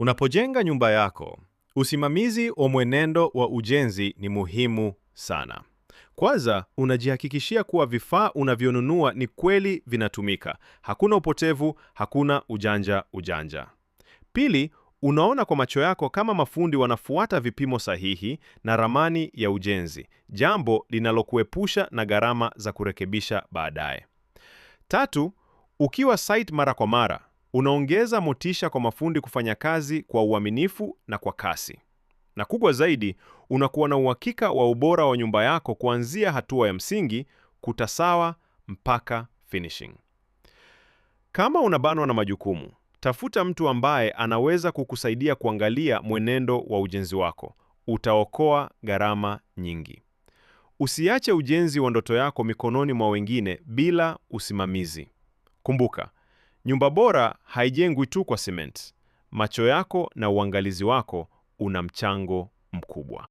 Unapojenga nyumba yako, usimamizi wa mwenendo wa ujenzi ni muhimu sana. Kwanza, unajihakikishia kuwa vifaa unavyonunua ni kweli vinatumika, hakuna upotevu, hakuna ujanja ujanja. Pili, unaona kwa macho yako kama mafundi wanafuata vipimo sahihi na ramani ya ujenzi, jambo linalokuepusha na gharama za kurekebisha baadaye. Tatu, ukiwa site mara kwa mara unaongeza motisha kwa mafundi kufanya kazi kwa uaminifu na kwa kasi, na kubwa zaidi, unakuwa na uhakika wa ubora wa nyumba yako kuanzia hatua ya msingi, kuta sawa, mpaka finishing. Kama unabanwa na majukumu, tafuta mtu ambaye anaweza kukusaidia kuangalia mwenendo wa ujenzi wako. Utaokoa gharama nyingi. Usiache ujenzi wa ndoto yako mikononi mwa wengine bila usimamizi. Kumbuka, Nyumba bora haijengwi tu kwa simenti. Macho yako na uangalizi wako una mchango mkubwa.